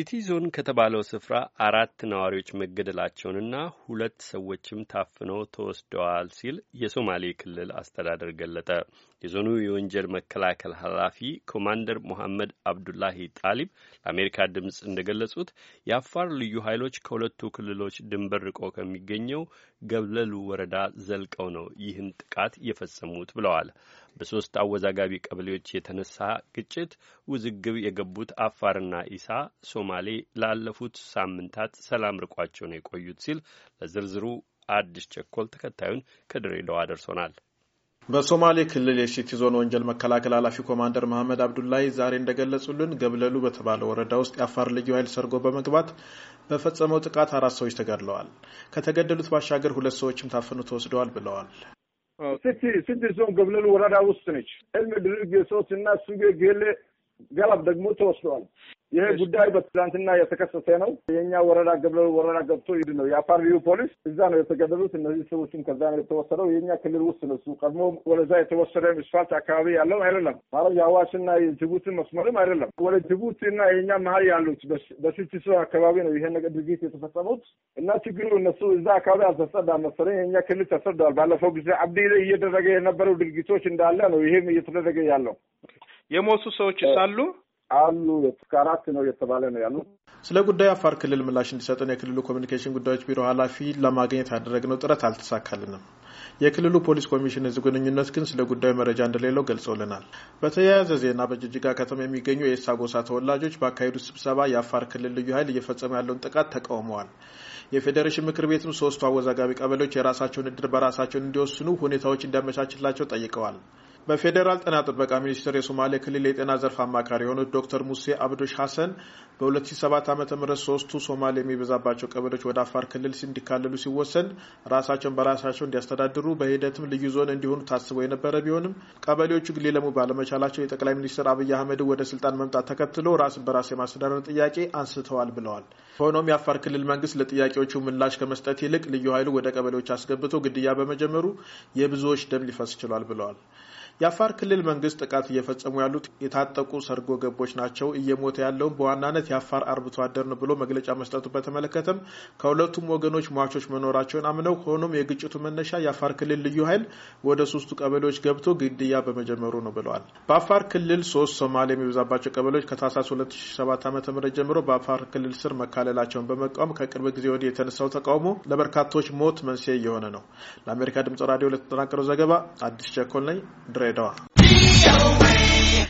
ሲቲ ዞን ከተባለው ስፍራ አራት ነዋሪዎች መገደላቸውንና ሁለት ሰዎችም ታፍነው ተወስደዋል ሲል የሶማሌ ክልል አስተዳደር ገለጠ። የዞኑ የወንጀል መከላከል ኃላፊ ኮማንደር ሞሐመድ አብዱላሂ ጣሊብ ለአሜሪካ ድምፅ እንደገለጹት የአፋር ልዩ ኃይሎች ከሁለቱ ክልሎች ድንበር ርቆ ከሚገኘው ገብለሉ ወረዳ ዘልቀው ነው ይህን ጥቃት የፈጸሙት ብለዋል። በሶስት አወዛጋቢ ቀበሌዎች የተነሳ ግጭት ውዝግብ የገቡት አፋርና ኢሳ ሶማሌ ላለፉት ሳምንታት ሰላም ርቋቸው ነው የቆዩት ሲል ለዝርዝሩ አዲስ ቸኮል ተከታዩን ከድሬዳዋ አደርሶናል። በሶማሌ ክልል የሲቲ ዞን ወንጀል መከላከል ኃላፊ ኮማንደር መሐመድ አብዱላይ ዛሬ እንደገለጹልን ገብለሉ በተባለ ወረዳ ውስጥ የአፋር ልዩ ኃይል ሰርጎ በመግባት በፈጸመው ጥቃት አራት ሰዎች ተገድለዋል። ከተገደሉት ባሻገር ሁለት ሰዎችም ታፍኑ ተወስደዋል ብለዋል። ሲቲ ሲቲ ዞን ገብለሉ ወረዳ ውስጥ ነች። ህልም ድርግ ሶስት እና ሱጌ ጌሌ ገላብ ደግሞ ተወስደዋል። ይሄ ጉዳይ በትናንትና የተከሰተ ነው። የእኛ ወረዳ ገብለ ወረዳ ገብቶ ይድ ነው የአፋር ልዩ ፖሊስ እዛ ነው የተገደሉት። እነዚህ ሰዎችም ከዛ ነው የተወሰደው። የእኛ ክልል ውስጥ ነው እሱ ቀድሞ ወደዛ የተወሰደ ስፋልት አካባቢ ያለው አይደለም ማለት የአዋሽና የጅቡቲ መስመርም አይደለም። ወደ ጅቡቲ የእኛ መሀል ያሉት በሲቲሶ አካባቢ ነው ይሄ ነገር ድርጊት የተፈጸሙት እና ችግሩ እነሱ እዛ አካባቢ አልተሰዳ መሰለኝ። የእኛ ክልል ተሰደዋል። ባለፈው ጊዜ አብዲ እየደረገ የነበረው ድርጊቶች እንዳለ ነው ይሄም እየተደረገ ያለው የሞቱ ሰዎች ሳሉ አሉ ከአራት ነው እየተባለ ነው ያሉ። ስለ ጉዳዩ አፋር ክልል ምላሽ እንዲሰጠን የክልሉ ኮሚኒኬሽን ጉዳዮች ቢሮ ኃላፊ ለማግኘት ያደረግነው ጥረት አልተሳካልንም። የክልሉ ፖሊስ ኮሚሽን ህዝብ ግንኙነት ግን ስለ ጉዳዩ መረጃ እንደሌለው ገልጸውልናል። በተያያዘ ዜና በጅጅጋ ከተማ የሚገኙ የኢሳ ጎሳ ተወላጆች ባካሄዱት ስብሰባ የአፋር ክልል ልዩ ኃይል እየፈጸመ ያለውን ጥቃት ተቃውመዋል። የፌዴሬሽን ምክር ቤትም ሶስቱ አወዛጋቢ ቀበሌዎች የራሳቸውን እድር በራሳቸውን እንዲወስኑ ሁኔታዎች እንዲያመቻችላቸው ጠይቀዋል። በፌዴራል ጤና ጥበቃ ሚኒስቴር የሶማሌ ክልል የጤና ዘርፍ አማካሪ የሆኑት ዶክተር ሙሴ አብዶሽ ሀሰን በ2007 ዓ ም ሶስቱ ሶማሌ የሚበዛባቸው ቀበሌዎች ወደ አፋር ክልል እንዲካለሉ ሲወሰን ራሳቸውን በራሳቸው እንዲያስተዳድሩ በሂደትም ልዩ ዞን እንዲሆኑ ታስበው የነበረ ቢሆንም ቀበሌዎቹ ሊለሙ ባለመቻላቸው የጠቅላይ ሚኒስትር አብይ አህመድ ወደ ስልጣን መምጣት ተከትሎ ራስን በራስ የማስተዳደር ጥያቄ አንስተዋል ብለዋል። ሆኖም የአፋር ክልል መንግስት ለጥያቄዎቹ ምላሽ ከመስጠት ይልቅ ልዩ ኃይሉ ወደ ቀበሌዎች አስገብቶ ግድያ በመጀመሩ የብዙዎች ደም ሊፈስ ችሏል ብለዋል። የአፋር ክልል መንግስት ጥቃት እየፈጸሙ ያሉት የታጠቁ ሰርጎ ገቦች ናቸው፣ እየሞተ ያለውም በዋናነት የአፋር አርብቶ አደር ነው ብሎ መግለጫ መስጠቱ በተመለከተም ከሁለቱም ወገኖች ሟቾች መኖራቸውን አምነው፣ ሆኖም የግጭቱ መነሻ የአፋር ክልል ልዩ ኃይል ወደ ሶስቱ ቀበሌዎች ገብቶ ግድያ በመጀመሩ ነው ብለዋል። በአፋር ክልል ሶስት ሶማሌ የሚበዛባቸው ቀበሌዎች ከታህሳስ 2007 ዓ ም ጀምሮ በአፋር ክልል ስር መካለላቸውን በመቃወም ከቅርብ ጊዜ ወዲህ የተነሳው ተቃውሞ ለበርካቶች ሞት መንስኤ እየሆነ ነው። ለአሜሪካ ድምጽ ራዲዮ ለተጠናቀረው ዘገባ አዲስ ቸኮል ነኝ ድሬ တော့